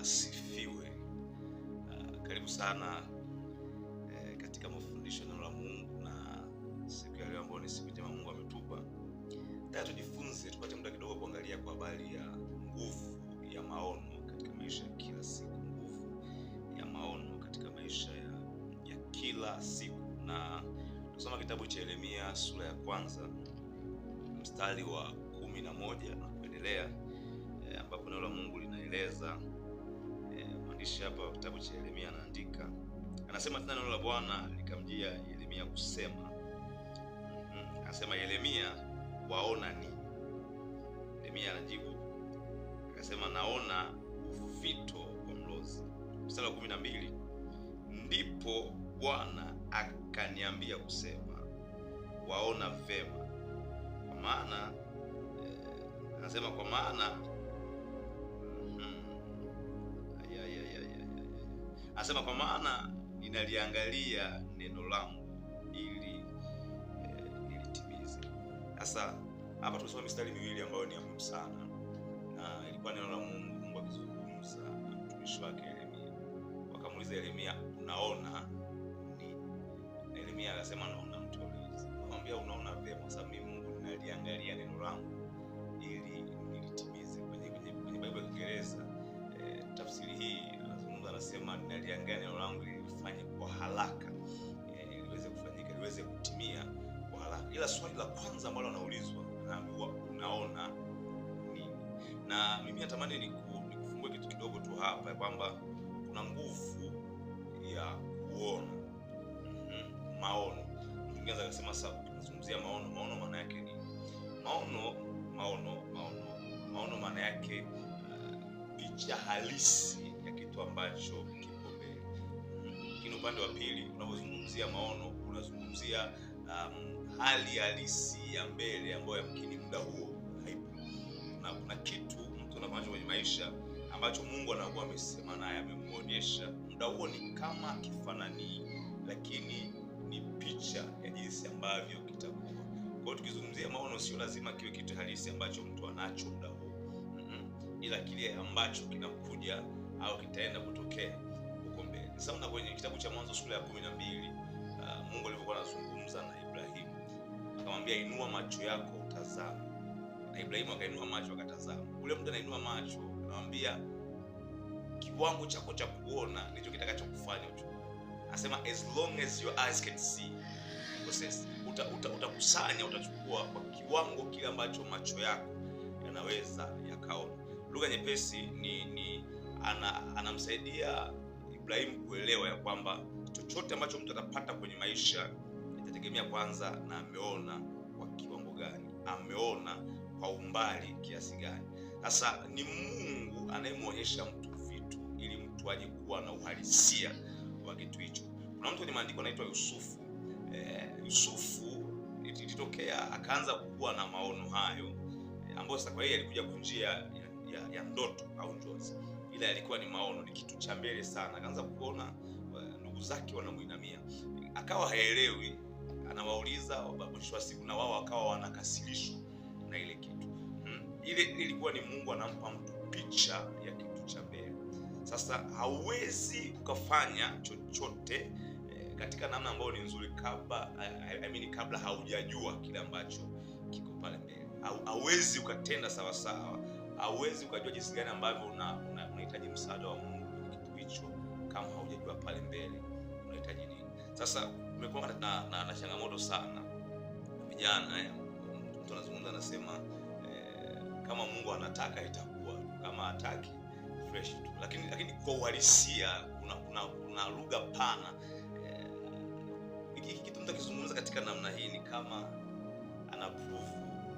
asifiwe. Uh, karibu sana eh, katika mafundisho neno la Mungu na siku ya leo ambayo ni siku njema Mungu ametupa. Nataka tujifunze, tupate muda kidogo kuangalia kwa habari ya nguvu ya maono katika maisha ya kila siku, nguvu ya maono katika maisha ya, ya kila siku, na tusoma kitabu cha Yeremia sura ya kwanza mstari wa kumi na moja na kuendelea eh, ambapo neno la Mungu linaeleza mwandishi hapa wa kitabu cha Yeremia anaandika, anasema tena, neno la Bwana likamjia Yeremia kusema. Mm, anasema Yeremia, waona nini? Yeremia anajibu akasema, naona uvito wa mlozi. Mstari wa kumi na mbili, ndipo Bwana akaniambia kusema, waona vema, kwa maana eh, anasema kwa maana Asema kwa maana ninaliangalia neno langu ili eh, nilitimize. Sasa hapa tunasoma mistari miwili ambayo ni muhimu sana, na ilikuwa neno la Mungu, Mungu akizungumza na mtumishi wake Yeremia. Wakamuuliza Yeremia, unaona nini? Yeremia akasema naona mtu akamwambia, unaona vyema, kwa sababu mimi Mungu ninaliangalia neno langu ili nilitimize. Kwenye kwenye Biblia ya Kiingereza eh, tafsiri hii anasema naliangalia neno langu lilifanye kwa haraka e, kufanyika liweze kutimia kwa haraka. Ila swali la kwanza ambalo anaulizwa anaambiwa unaona nini? Na mimi natamani nikufungue kitu kidogo tu hapa kwamba kuna nguvu ya kuona mm-hmm. maono. Mkianza kusema sasa, tunazungumzia maono. Maono maana yake ni maono, maono, maono, maono maana yake uh, picha halisi kitu ambacho kipo mbele. Lakini upande wa pili, unapozungumzia maono, unazungumzia um, hali halisi ya mbele ambayo yamkini muda huo haipo, na kuna kitu mtu anafanya kwenye maisha ambacho Mungu anakuwa amesema naye, amemuonyesha. Muda huo ni kama kifananii, lakini ni picha ya jinsi ambavyo kitakuwa. Kwa hiyo tukizungumzia maono, sio lazima kiwe kitu halisi ambacho mtu anacho muda huo, mm ila kile ambacho kinakuja au kitaenda kutokea huko mbele. Sasa mna kwenye kitabu cha Mwanzo sura ya kumi na mbili uh, Mungu alivyokuwa anazungumza na Ibrahimu akamwambia, inua macho yako utazame. na Ibrahimu akainua macho akatazama. Ule mtu anainua macho anamwambia, kiwango chako cha kuona ndicho kitakachokufanya Anasema as long as your eyes can see process utakusanya uta, uta utachukua kwa kiwango kile ambacho macho yako yanaweza yakaona. Lugha nyepesi ni, ni ana, anamsaidia Ibrahimu kuelewa ya kwamba chochote ambacho mtu atapata kwenye maisha itategemea kwanza na ameona kwa kiwango gani, ameona kwa umbali kiasi gani. Sasa ni Mungu anayemwonyesha mtu vitu ili mtu aje kuwa na uhalisia wa kitu hicho. Kuna mtu kwenye maandiko anaitwa Yusufu. Eh, Yusufu ilitokea akaanza kuwa na maono hayo eh, ambayo sasa kwa hiyo alikuja kwa njia ya, ya, ya ndoto au njozi ila yalikuwa ni maono, ni kitu cha mbele sana. Akaanza kuona eh, ndugu zake wanamuinamia, akawa haelewi, anawauliza mwisho wa siku, na wao wakawa wanakasirishwa na ile kitu hmm. Ile ilikuwa ni Mungu anampa mtu picha ya kitu cha mbele. Sasa hauwezi ukafanya chochote eh, katika namna ambayo ni nzuri kabla, eh, I mean, kabla haujajua kile ambacho kiko pale mbele. Hauwezi ukatenda sawasawa, hauwezi ukajua jinsi gani ambavyo una, una unahitaji msaada wa Mungu kitu hicho, kama haujajua pale mbele unahitaji nini. Sasa umekuwa na, na, na, changamoto sana vijana eh, mtu anazungumza anasema eh, kama Mungu anataka itakuwa, kama hataki fresh tu, lakini lakini kwa uhalisia kuna kuna, kuna lugha pana eh, kitu mtu akizungumza katika namna hii ni kama anaprove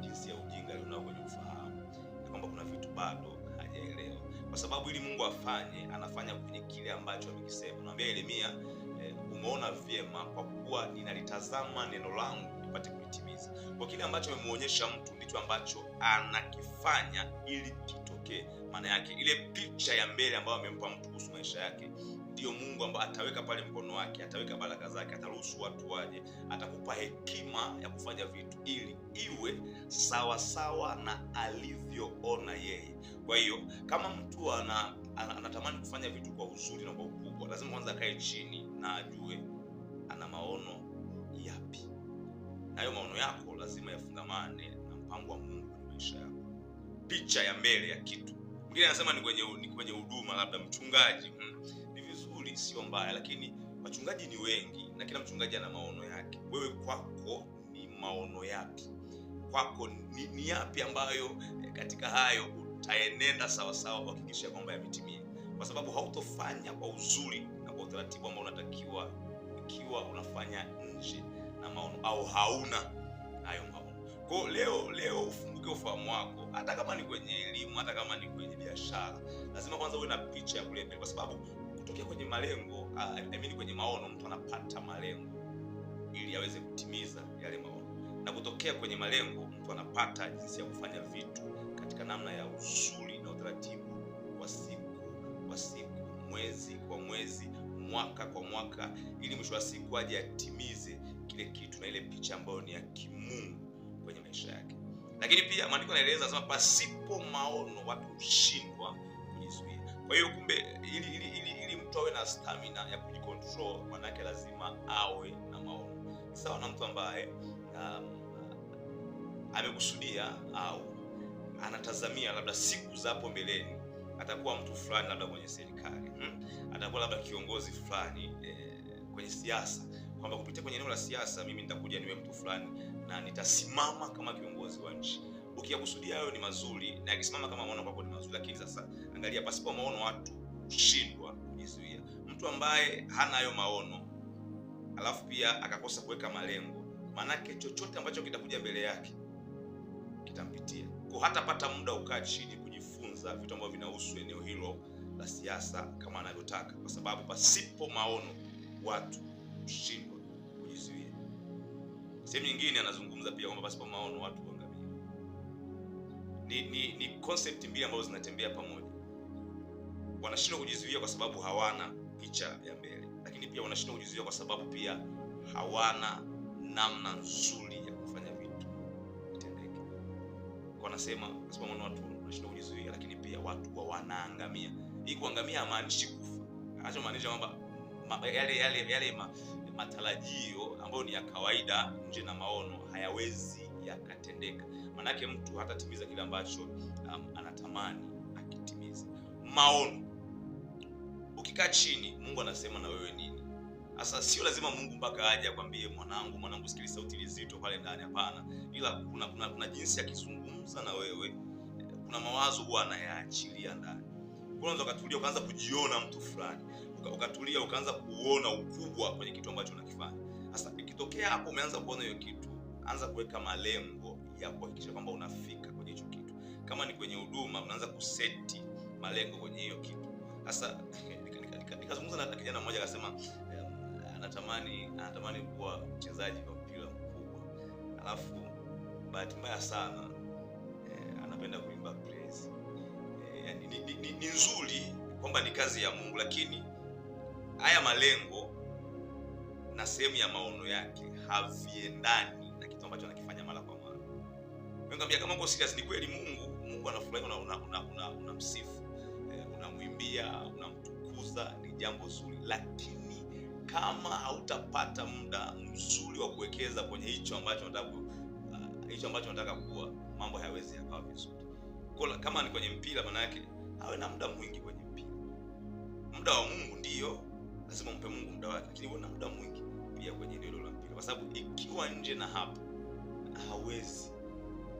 jinsi ya ujinga alionao kwenye ufahamu, na kwamba kuna vitu bado hajaelewa kwa sababu ili Mungu afanye, anafanya kwenye kile ambacho amekisema. Naambia Yeremia, eh, umeona vyema, kwa kuwa ninalitazama neno langu nipate kulitimiza. Kwa kile ambacho amemwonyesha mtu ndicho ambacho anakifanya ili kitokee. Maana yake ile picha ya mbele ambayo amempa mtu kuhusu maisha yake ndiyo Mungu ambaye ataweka pale mkono wake, ataweka baraka zake, ataruhusu watu waje, atakupa hekima ya kufanya vitu ili iwe sawasawa sawa na alivyoona yeye. Kwa hiyo kama mtu ana, anatamani kufanya vitu kwa uzuri na kwa ukubwa, lazima kwanza akae chini na ajue ana maono yapi, na hayo maono yako lazima yafungamane na mpango wa Mungu kwenye maisha yako, picha ya mbele ya kitu. Mwingine anasema ni kwenye huduma, labda mchungaji hmm nzuri, sio mbaya, lakini wachungaji ni wengi na kila mchungaji ana maono yake. Wewe kwako ni maono yapi? Kwako ni, ni yapi ambayo eh, katika hayo utaenenda sawasawa kuhakikisha kwamba yametimia, kwa sababu hautofanya kwa uzuri na kwa utaratibu ambao unatakiwa ikiwa unafanya nje na maono au hauna hayo maono. Kwa leo leo ufunguke ufahamu wako, hata kama ni kwenye elimu, hata kama ni kwenye biashara, lazima kwanza uwe na picha ya kule mbele, kwa sababu kutokea kwenye malengo uh, I mean kwenye maono, mtu anapata malengo ili aweze kutimiza yale maono, na kutokea kwenye malengo mtu anapata jinsi ya kufanya vitu katika namna ya usuli na utaratibu wa siku kwa siku, mwezi kwa mwezi, mwaka kwa mwaka, ili mwisho wa siku aje atimize kile kitu na ile picha ambayo ni ya kimungu kwenye maisha yake. Lakini pia maandiko yanaeleza sema, pasipo maono watu hushindwa kujizuia. Kwa hiyo kumbe ili, ili, ili mtu awe na stamina ya kujikontrol manake lazima awe na maono sawa na mtu ambaye um, amekusudia au anatazamia labda siku zapo mbeleni atakuwa mtu fulani, labda kwenye serikali hmm? atakuwa labda kiongozi fulani eh, kwenye siasa, kwamba kupitia kwenye eneo la siasa mimi nitakuja niwe mtu fulani na nitasimama kama kiongozi wa nchi. Ukiyakusudia hayo ni mazuri, na akisimama kama maono kwako ni mazuri, lakini sasa angalia, pasipo maono watu kushindwa kujizuia. Mtu ambaye hana hayo maono alafu pia akakosa kuweka malengo, maanake chochote ambacho kitakuja mbele yake kitampitia, kwa pata muda ukaa chini kujifunza vitu ambavyo vinahusu eneo hilo la siasa kama anavyotaka, kwa sababu pasipo maono watu hushindwa kujizuia. Sehemu nyingine anazungumza pia kwamba pasipo maono watu huangamia. Ni, ni, ni concept mbili ambazo zinatembea pamoja wanashindwa kujizuia kwa sababu hawana picha ya mbele, lakini pia wanashindwa kujizuia kwa sababu pia hawana namna nzuri ya kufanya vitu vitendeke. Wanasema kwa sababu watu wanashindwa kujizuia, lakini pia watu wanaangamia. Hii kuangamia hamaanishi kufa, anachomaanisha kwamba ma, yale, yale, yale ma, matarajio ambayo ni ya kawaida nje na maono hayawezi yakatendeka. Maanake mtu hatatimiza kile ambacho um, anatamani akitimiza maono ukikaa chini Mungu anasema na wewe nini. Sasa sio lazima Mungu mpaka aje akwambie mwanangu, mwanangu sikili sauti nzito pale ndani, hapana, ila kuna, kuna, kuna jinsi akizungumza na wewe, kuna mawazo huwa anayaachilia ndani. kwanza ukatulia ukaanza kujiona mtu fulani, ukatulia ukaanza kuona ukubwa kwenye kitu ambacho unakifanya. Sasa ikitokea hapo umeanza kuona hiyo kitu, anza kuweka malengo ya kuhakikisha kwamba unafika kwenye hicho kitu. Kama ni kwenye huduma, unaanza kuseti malengo kwenye hiyo kitu sasa nikazungumza na kijana mmoja akasema anatamani anatamani kuwa mchezaji wa mpira mkubwa, alafu bahati mbaya sana eh, anapenda kuimba praise eh, yani, ni, ni, ni, ni nzuri kwamba ni kazi ya Mungu, lakini haya malengo na sehemu ya maono yake haviendani na kitu ambacho anakifanya mara kwa mara. Nikamwambia kama uko serious, ni kweli Mungu Mungu anafurahi, unamsifu una, una, una, una eh, unamwimbia unam kuuza ni jambo zuri, lakini kama hautapata muda mzuri wa kuwekeza kwenye hicho ambacho unataka uh, hicho ambacho unataka kuwa, mambo hayawezi yakawa vizuri. Kwa kama ni kwenye mpira, maana yake awe na muda mwingi kwenye mpira. Muda wa Mungu ndiyo lazima umpe Mungu muda wake, lakini uwe na muda mwingi pia kwenye eneo la mpira, kwa sababu ikiwa nje na hapo hawezi,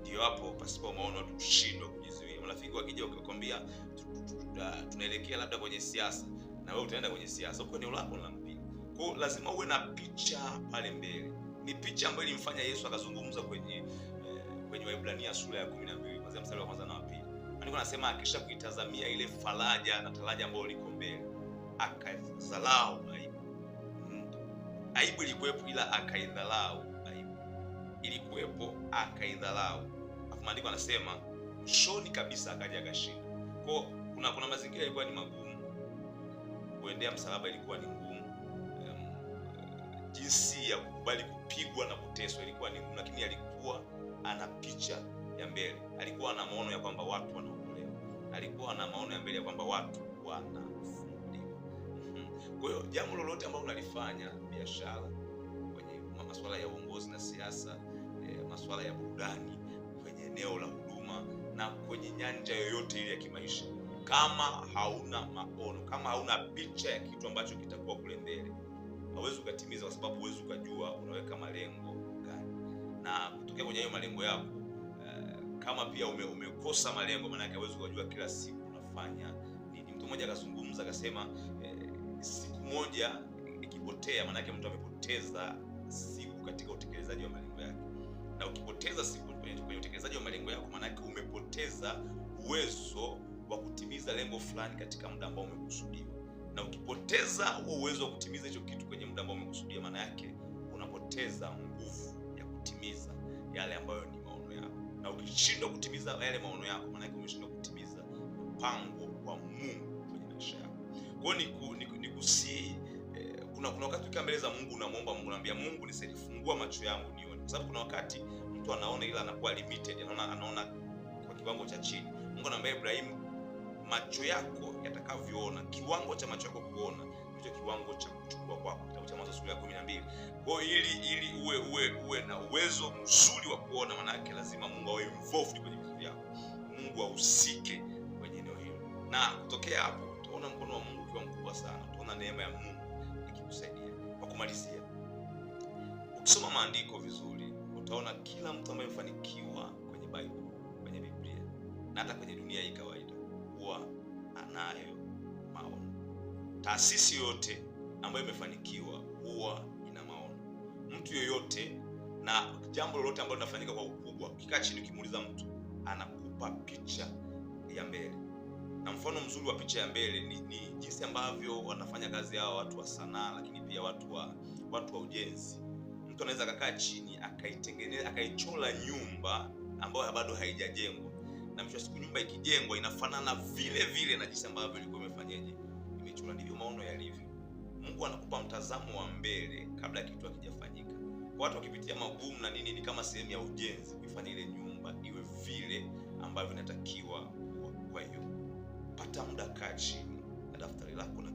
ndio hapo pasipo maono watu kushindwa kujizi marafiki wakija ukikwambia ah, tunaelekea labda kwenye siasa, na wewe utaenda kwenye siasa, huko eneo lako la mpira. Kwa hiyo lazima uwe na picha pale mbele. Ni picha ambayo ilimfanya Yesu akazungumza kwenye eh, kwenye Waebrania sura ya 12 kuanzia mstari wa kwanza na wa pili. Maandiko anasema akisha kuitazamia ile faraja na taraja ambayo liko mbele, akadhalau aibu. Hmm. Aibu ilikuwepo ila akaidhalau aibu. Ilikuwepo akaidhalau. Afu maandiko anasema shoni kabisa, akaja akashinda. Kwa kuna kuna mazingira yalikuwa ni magumu, kuendea msalaba ilikuwa ni ngumu, um, jinsi ya kukubali kupigwa na kuteswa ilikuwa ni ngumu, lakini alikuwa ana picha ya mbele, alikuwa ana maono ya kwamba watu wanaokolewa, alikuwa ana maono ya mbele ya kwamba watu wanafunguliwa. Mhm. Kwa hiyo jambo lolote ambalo unalifanya, biashara, kwenye masuala ya uongozi na siasa, eh, masuala ya burudani, kwenye eneo la huduma na kwenye nyanja yoyote ile ya kimaisha, kama hauna maono, kama hauna picha ya kitu ambacho kitakuwa kule mbele, hauwezi ukatimiza, kwa sababu huwezi ukajua unaweka malengo gani, na kutokea kwenye hayo malengo yako uh, kama pia ume, umekosa malengo, maanake hauwezi ukajua kila siku unafanya nini. Mtu mmoja akazungumza akasema, eh, siku moja ikipotea, maanake mtu amepoteza siku katika utekelezaji wa malengo yake, na ukipoteza siku kwenye utekelezaji wa malengo yako, maanake umepoteza uwezo wa kutimiza lengo fulani katika muda ambao umekusudiwa. Na ukipoteza huo uwezo wa kutimiza hicho kitu kwenye muda ambao umekusudia, maana yake unapoteza nguvu ya kutimiza yale ambayo ni maono yako. Na ukishindwa kutimiza yale maono yako, maana yake umeshindwa kutimiza mpango wa Mungu kwenye maisha yako. Kwa hiyo ni eh, kuna kuna wakati ukiwa mbele za Mungu unamwomba Mungu, unaambia Mungu, nisaidie, fungua macho yangu nione, kwa sababu kuna wakati mtu anaona, ila anakuwa limited, anaona anaona kwa kiwango cha chini. Mungu anamwambia Ibrahimu, macho yako yatakavyoona, kiwango cha macho yako kuona ndicho kiwango cha kuchukua kwako, kitabu cha Mwanzo sura ya 12. Kwa hiyo ili ili uwe uwe uwe na uwezo mzuri wa kuona, maana yake lazima Mungu awe involved kwenye vitu vyako, Mungu ahusike kwenye eneo hilo, na kutokea hapo utaona mkono wa Mungu ukiwa mkubwa sana, utaona neema ya Mungu ikikusaidia. Kwa kumalizia, ukisoma maandiko vizuri utaona kila mtu ambaye amefanikiwa kwenye Bible, kwenye Biblia na hata kwenye dunia hii kawaida huwa anayo maono. Taasisi yoyote ambayo imefanikiwa huwa ina maono. Mtu yoyote na jambo lolote ambalo linafanyika kwa ukubwa, ukikaa chini ukimuuliza mtu anakupa picha ya mbele, na mfano mzuri wa picha ya mbele ni, ni jinsi ambavyo wanafanya kazi hao watu wa sanaa, lakini pia watu wa, watu wa ujenzi mtu anaweza akakaa chini akaitengeneza akaichola nyumba ambayo bado haijajengwa, na mwisho siku nyumba ikijengwa inafanana vile vile na jinsi ambavyo ilikuwa imefanyaje imechola Ndivyo maono yalivyo. Mungu anakupa mtazamo wa mbele kabla kitu hakijafanyika. Kwa watu wakipitia magumu na nini, ni kama sehemu ya ujenzi kuifanya ile nyumba iwe vile ambavyo inatakiwa. Kwa hiyo pata muda, kaa chini na daftari lako na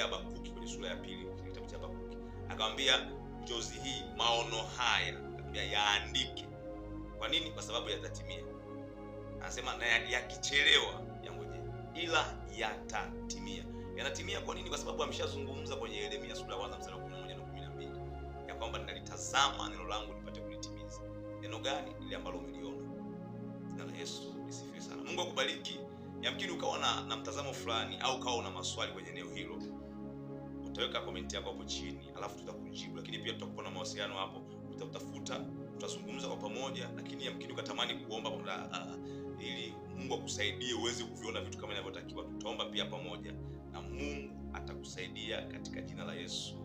akamwambia Habakuki kwenye sura ya pili kwenye kitabu cha Habakuki akamwambia njozi hii, maono haya akamwambia yaandike. Kwa nini? Kwa sababu yatatimia. Anasema na yakichelewa yangoje, ila yatatimia. Yanatimia kwa nini? Kwa sababu ameshazungumza kwenye Yeremia sura ya kwanza mstari wa 11 na 12 ya kwamba nalitazama neno langu nipate kulitimiza. Neno gani? ile ambalo umeliona. la Yesu lisifiwe sana. Mungu akubariki. Yamkini ukawa na, na mtazamo fulani au ukawa una maswali kwenye eneo hilo, utaweka komenti yako hapo chini, alafu tutakujibu, lakini pia tutakupa na mawasiliano hapo, utakutafuta tutazungumza kwa pamoja, lakini amkini ukatamani kuomba kuna, uh, ili Mungu akusaidie uweze kuviona vitu kama inavyotakiwa. Tutaomba pia pamoja na Mungu atakusaidia katika jina la Yesu.